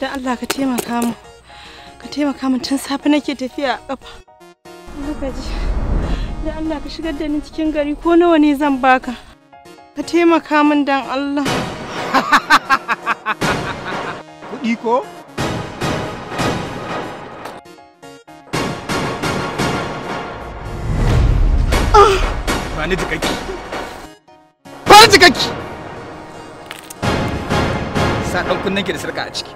don Allah ka taimaka mu ka taimaka mu tun safe nake tafiya a kafa lokaci don Allah ka shigar da ni cikin gari ko nawa ne zan baka ka taimaka min don Allah kuɗi ko ba ni jikakki ba jikakki sa ɗan kunnen ki da sarka a ciki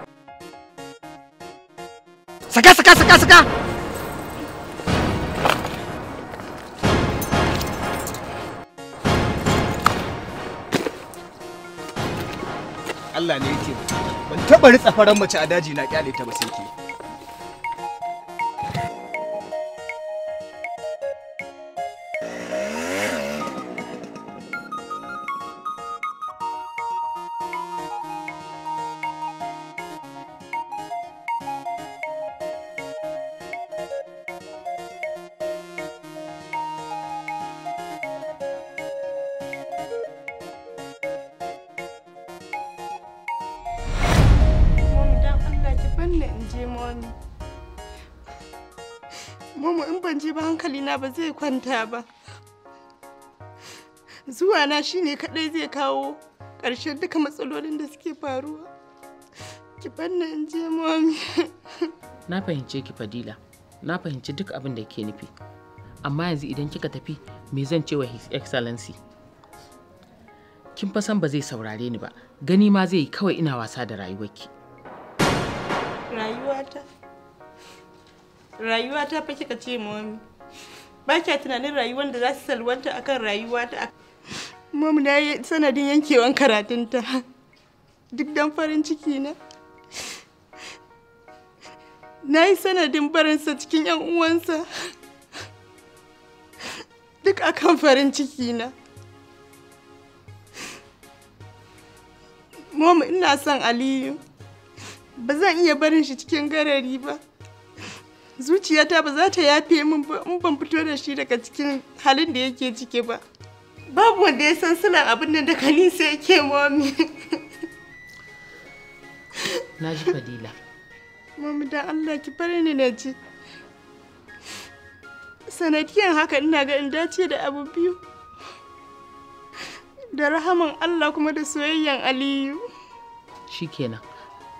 Saka saka saka saka. Allah ne yake ban taɓa ritsa faran mace a daji na kyale ta ba sai ke. ban ji ba na ba zai kwanta ba zuwa na shine kadai zai kawo ƙarshen duka matsalolin da suke faruwa ki banna in je mami na fahimce ki fadila na fahimci duk abin da ke nufi amma yanzu idan kika tafi me zan ce wa his excellency kin fa san ba zai saurare ni ba gani ma zai kawai ina wasa da rayuwarki rayuwata rayuwa ta fa kika ce mami ba kya tunanin rayuwar da za su salwanta akan rayuwa ta mami na yi sanadin yankewan karatunta duk dan farin ciki na na yi sanadin barinsa cikin 'yan uwansa duk akan farin ciki na mami ina son Aliyu. Ba zan iya barin shi cikin garari ba. zuciyata ba za ta yafe min ba in ban fito da shi daga cikin halin da yake ciki ba babu wanda ya san suna abin da daga ni sai yake mami na ji fadila mami da allah ki fara ni na ji sanadiyan haka ina ga in dace da abu biyu da rahaman allah kuma da soyayyan aliyu shikenan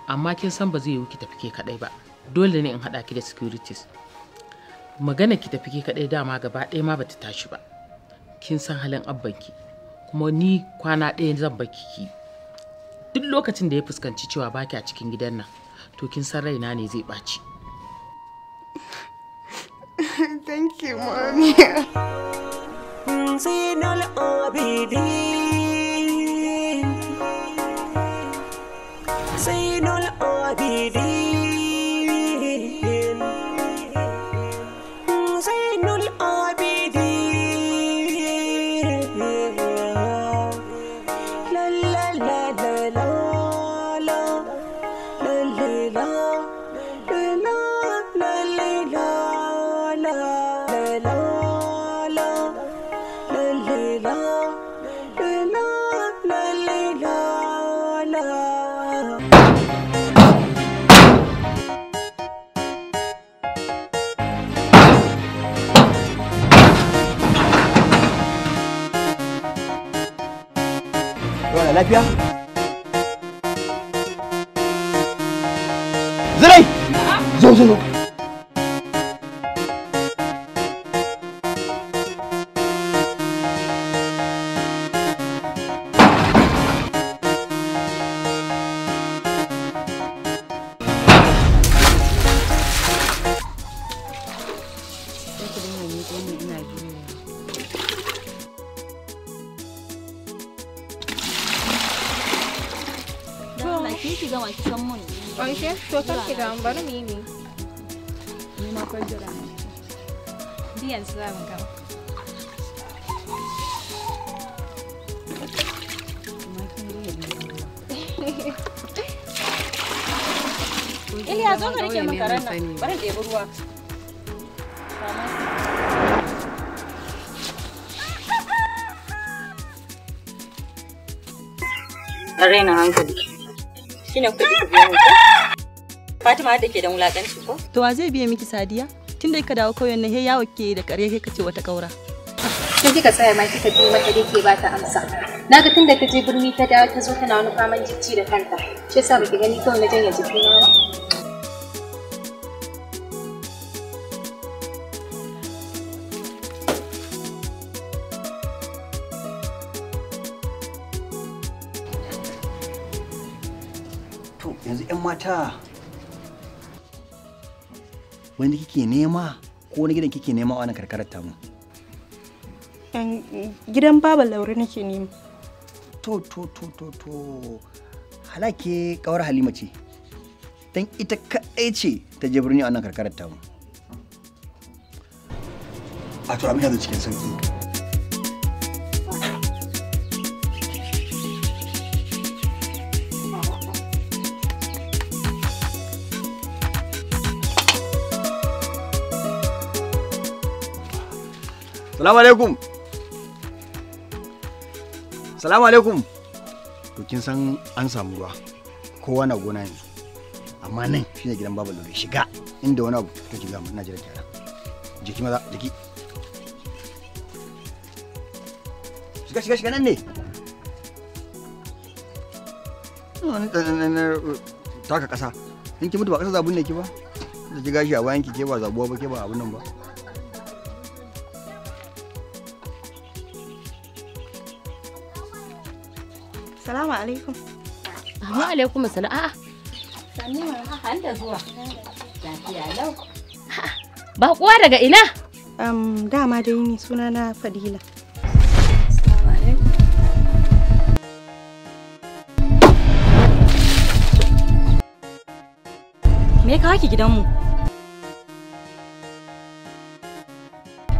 amma kin san ba zai yi ki tafi ke kadai ba dole ne in haɗa ki da securities magana ki tafi ki kaɗai dama gaba ɗaya ma bata tashi ba kin san halin abbanki kuma ni kwana ɗaya zan baki ki duk lokacin da ya fuskanci cewa baki a cikin gidan nan to kin san raina ne zai ɓaci Thank you, mommy. lafiya zirai zo zo zo michigan wa ki san mun on ke to kar ki da bar mimi ni ma kar jira biyan su za mu gama Iliya zo ka rike makaran nan, bari ɗebi ruwa. raina hankali shine kuɗi ku biya muku Fatima da ke da wulakanci ko to wa zai biya miki Sadiya tun da kika dawo kauyen na he yawo ke da kare kai ce wata kaura sai kika tsaya ma kika bi mata dake ba ta amsa naga tun da ta je birni ta dawo ta zo tana wani faman jicci da kanta shi yasa baki gani kawai na janye jikina ba mata wani kike nema ko wani gidan kike nema a karkarar tamu gidan baba laure nake nema to to to to to halake kawar halima ce don ita kaɗai ce ta je birni a wannan karkarar tamu a to abin yanzu cikin sarki. salamu alaikum salamu alaikum to kin san an samu ruwa kowa na gona yanzu amma nan shine gidan babu lura shiga inda wani abu to ki gamu ina jira kyara jiki maza jiki shiga shiga shiga nan ne wani tsananin taka kasa in ki mutu ba kasa zabun ne ki ba da ki gashi a bayan ki ke ba zabuwa ba ke ba abun nan ba Assalamu alaikum. Wa alaikum assalam. A'a. Sanni ma da zuwa. Lafiya lau. Ba kuwa daga ina? Um, dama dai ni suna na Fadila. Me ka haki gidanmu?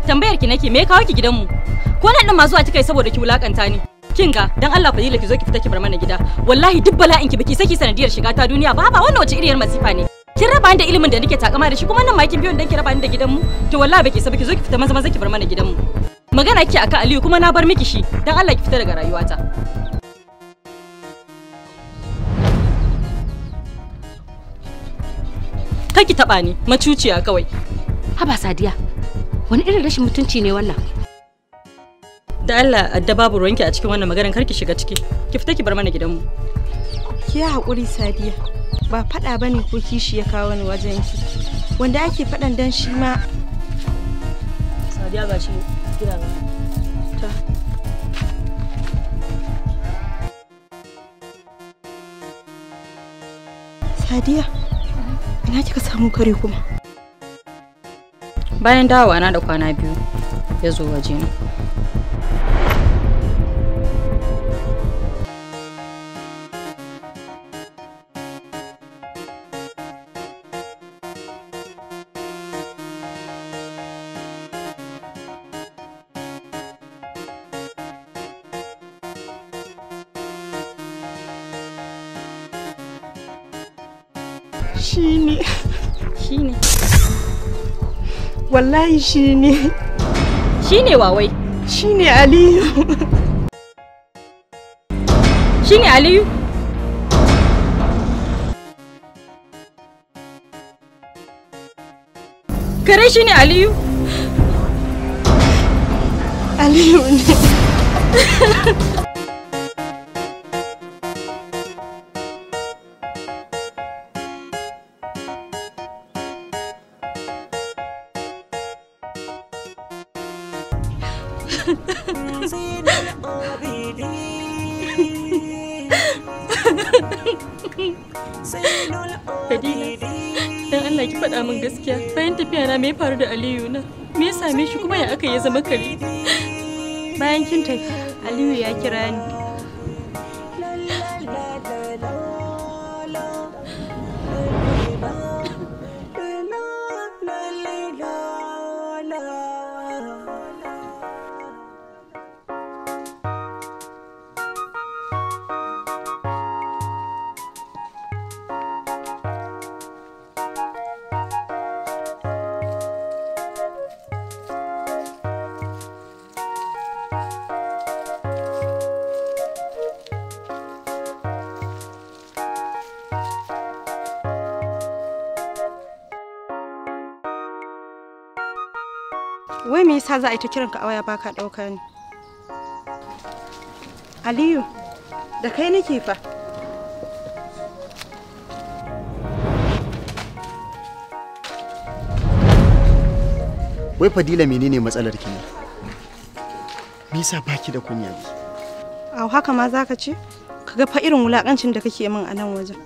Tambayar ki nake me ka kawo ki gidanmu? Ko nan din ma zuwa kika saboda ki wulakanta ni? kinga dan Allah fadila ki zo ki fita ki bar mana gida wallahi duk bala'in ki biki saki sanadiyar shiga ta duniya ba ba wannan wace iriyar masifa ne kin raba da ilimin da nake takama da shi kuma nan ma kin biyo dan ki raba ni da gidan mu to wallahi baki sabi ki zo ki fita maza maza ki bar mana gidan mu magana kike akan Aliyu kuma na bar miki shi dan Allah ki fita daga rayuwata kaki taba ni macuciya kawai haba sadiya wani irin rashin mutunci ne wannan da Allah adda babu ruwanki a cikin wannan maganar kar ki shiga ciki ki fita ki bar mana gidanmu ki haƙuri sadiya ba faɗa bane ko kishi ya kawo ni wajen ki wanda ake faɗan dan shi ma sadiya ga shi gida ta sadiya ina kika samu kare kuma bayan dawowa na da kwana biyu ya zo wajena. shine shine wallahi shine shine wawai shine aliyu shine aliyu kare shine aliyu aliyu ne Fadila, don Allah ki faɗa min gaskiya bayan tafiya na me faru da Aliyu na? Me ya same shi kuma ya aka ya zama kare? Bayan kin tafi, Aliyu ya kira ni. me yasa za a yi ta kiran ka a waya baka ɗauka ni aliyu da kai nake fa wai fadila menene matsalar ki ne me yasa baki da kunya ne au haka ma za ka ce kaga fa irin wulakancin da kake min a nan wajen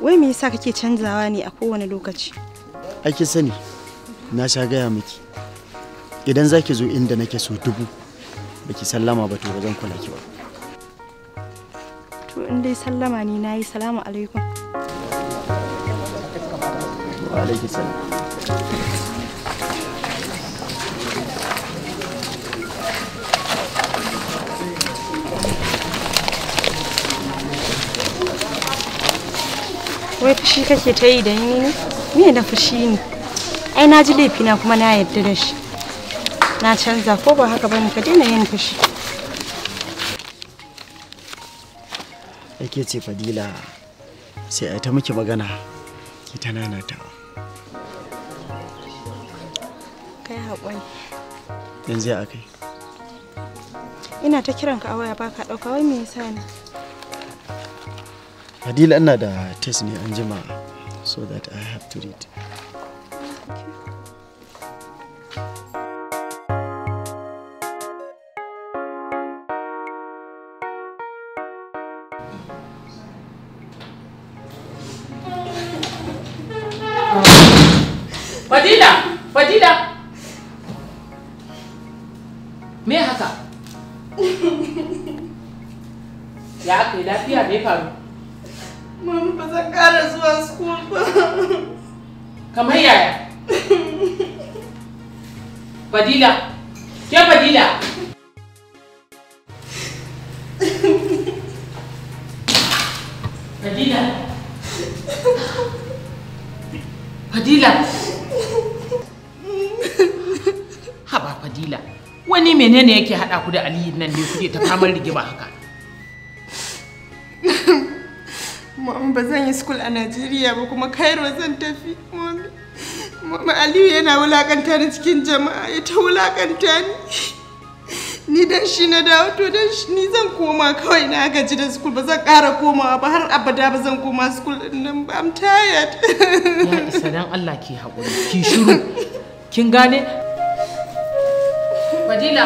wai me yasa kake canzawa ne a kowane lokaci ai sani na sha gaya miki idan za ki zo inda nake so dubu ba ki sallama ba to ba zan kula ki ba to in dai sallama ne na yi salamu alaikum wa alaikum salam wai fushi kake ta yi da ni ne me na fushi ne ai na ji laifina kuma na yarda da shi na canza ko ba haka bane ka daina yin fushi yake ce fadila sai a ta miki magana ki ta ta kai haƙuri yanzu a kai ina ta kiran ka a waya baka ɗauka wai me yasa ne fadila ina da test ne an jima so that i have to read Fadila, Fadila. Me haka? Ya aka lafiya me faru? Mama ba zan ƙara zuwa school ba. Kamar yaya? Fadila, ke Fadila. Fadila. Fadila. wani menene yake hada ku da aliyu nan ne kuke ta kamar rigima haka mama ba zan yi school a najeriya ba kuma cairo zan tafi mami mama aliyu yana wulakanta ni cikin jama'a ya ta wulakanta ni ni dan shi na dawo to dan shi ni zan koma kawai na gaji da school ba zan ƙara komawa ba har abada ba zan koma school din nan ba i'm tired ya isa dan Allah ki haƙuri ki shiru kin gane जिला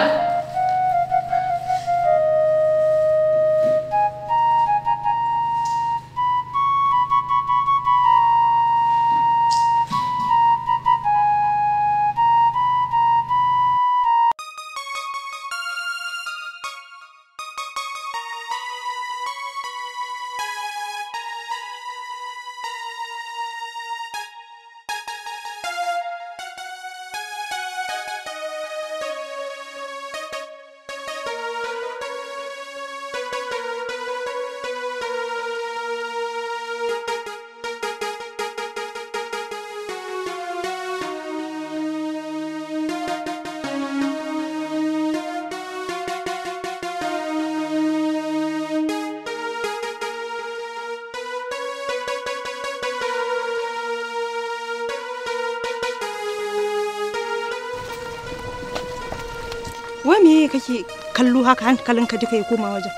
kake kallo haka hankalinka duka ya koma wajen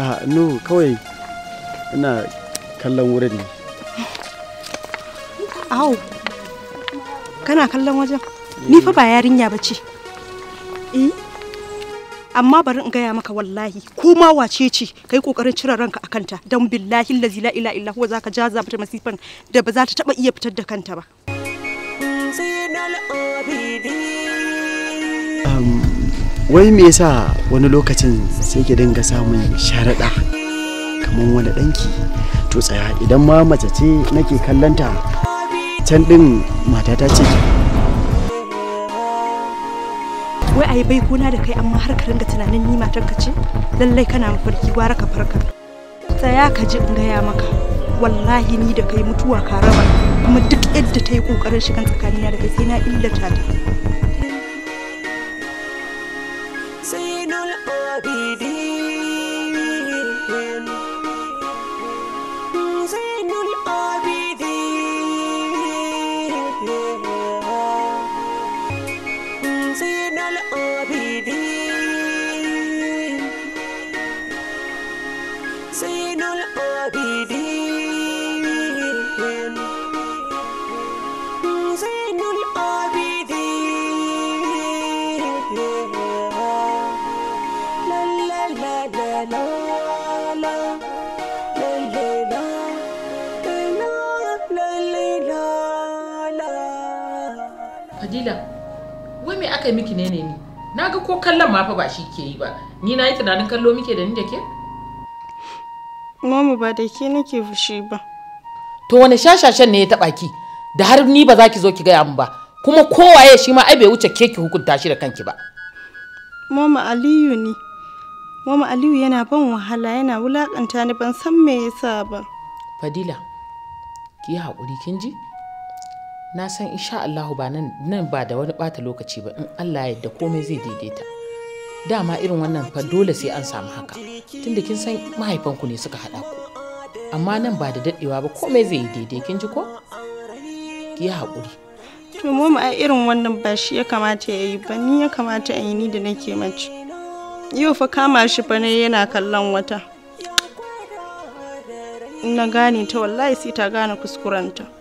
a no kawai ina kallon wurin ne au kana kallon wajen ni fa ba yarinya ba eh amma bari in gaya maka wallahi ko ma wace ce kai kokarin cire ranka a kanta don billahi lazi la ila illa huwa zaka jaza mata masifan da ba za ta taba iya fitar da kanta ba wai me yasa wani lokacin sai ki dinga samun sharaɗa kamar wani ɗanki to tsaya idan ma mace ce nake kallanta can ɗin matata ce wai ayi bai kuna da kai amma har ka ringa tunanin ni matar ka ce lallai kana mafarki gwara ka farka tsaya ka ji in gaya maka wallahi ni da kai mutuwa ka raba kuma duk yadda ta yi kokarin shigan tsakanina da kai sai na illata ta Abdul OBD. Fadila, wai me aka yi miki ne ne ni? Na ga ko kallon ma fa ba shi ke yi ba. Ni na yi tunanin kallo muke da ni da ke? Mama ba da ke nake fushi ba. To wani shashashen ne ya taɓa ki? Da har ni ba za ki zo ki gaya min ba. Kuma kowaye shi ma ai bai wuce ke ki hukunta shi da kanki ba. Mama Aliyu ne. Mama Aliyu yana ban wahala yana wulakanta ni ban san me yasa ba. Fadila, ki yi haƙuri kin ji? na san insha Allahu ba nan ba da wani bata lokaci ba in Allah ya yarda komai zai daidaita dama irin wannan fa dole sai an samu haka tunda kin san mahaifanku ne suka haɗa ku amma nan ba da daɗewa ba komai zai yi daidai kin ji ko ki yi haƙuri to mu a irin wannan ba shi ya kamata ya yi ba ni ya kamata a yi ni da nake mace yau fa kama shi fa ne yana kallon wata na gane ta wallahi sai ta gane kuskurenta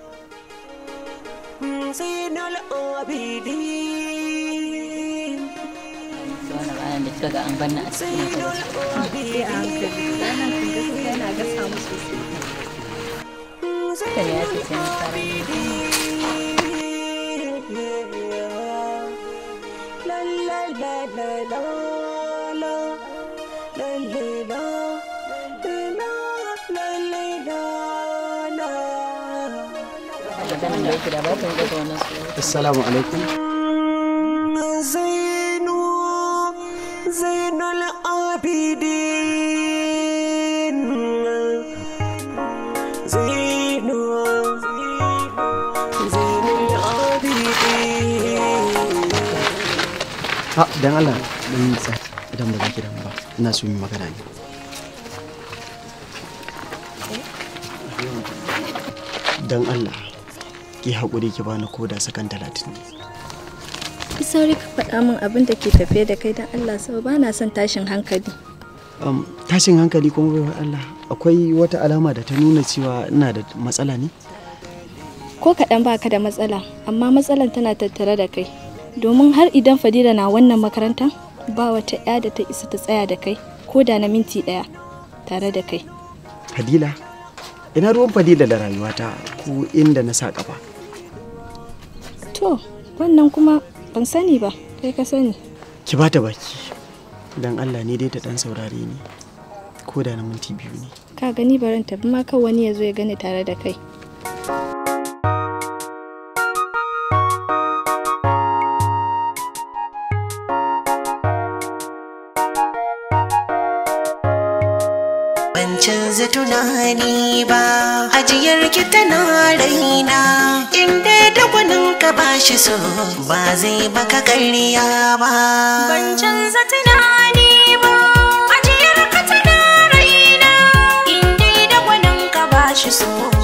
da kika an la la la la la maganar da da ba assalamu alaikum zainu zainu ha dan Allah dan nisa idan ba ba ina so mu magana ne dan Allah ki haƙuri ki bani koda sakan talatin ne ki sauri ka faɗa min abin da ke tafiye da kai don Allah sau ba na son tashin hankali tashin hankali kuma bai Allah akwai wata alama da ta nuna cewa ina da matsala ne ko kaɗan baka da matsala amma matsalan tana tattare da kai domin har idan fadila na wannan makarantar ba wata ya da ta isa ta tsaya da kai ko da na minti ɗaya tare da kai fadila ina ruwan fadila da rayuwata ko inda na sa ƙafa To, wannan kuma ban sani ba, kai ka sani. Ki bata baki, dan Allah ne dai ta ɗan saurare ni, ko da na minti biyu ne. Ka gani baran tafi ma kan wani ya zo ya gani tare da kai. Ban canza tunani ba, ajiyar ki tana raina. ka bashi so ba zai baka ƙarya ba ban canza tunani ba ajiyar ka tana raina in dai da gwanin ka bashi so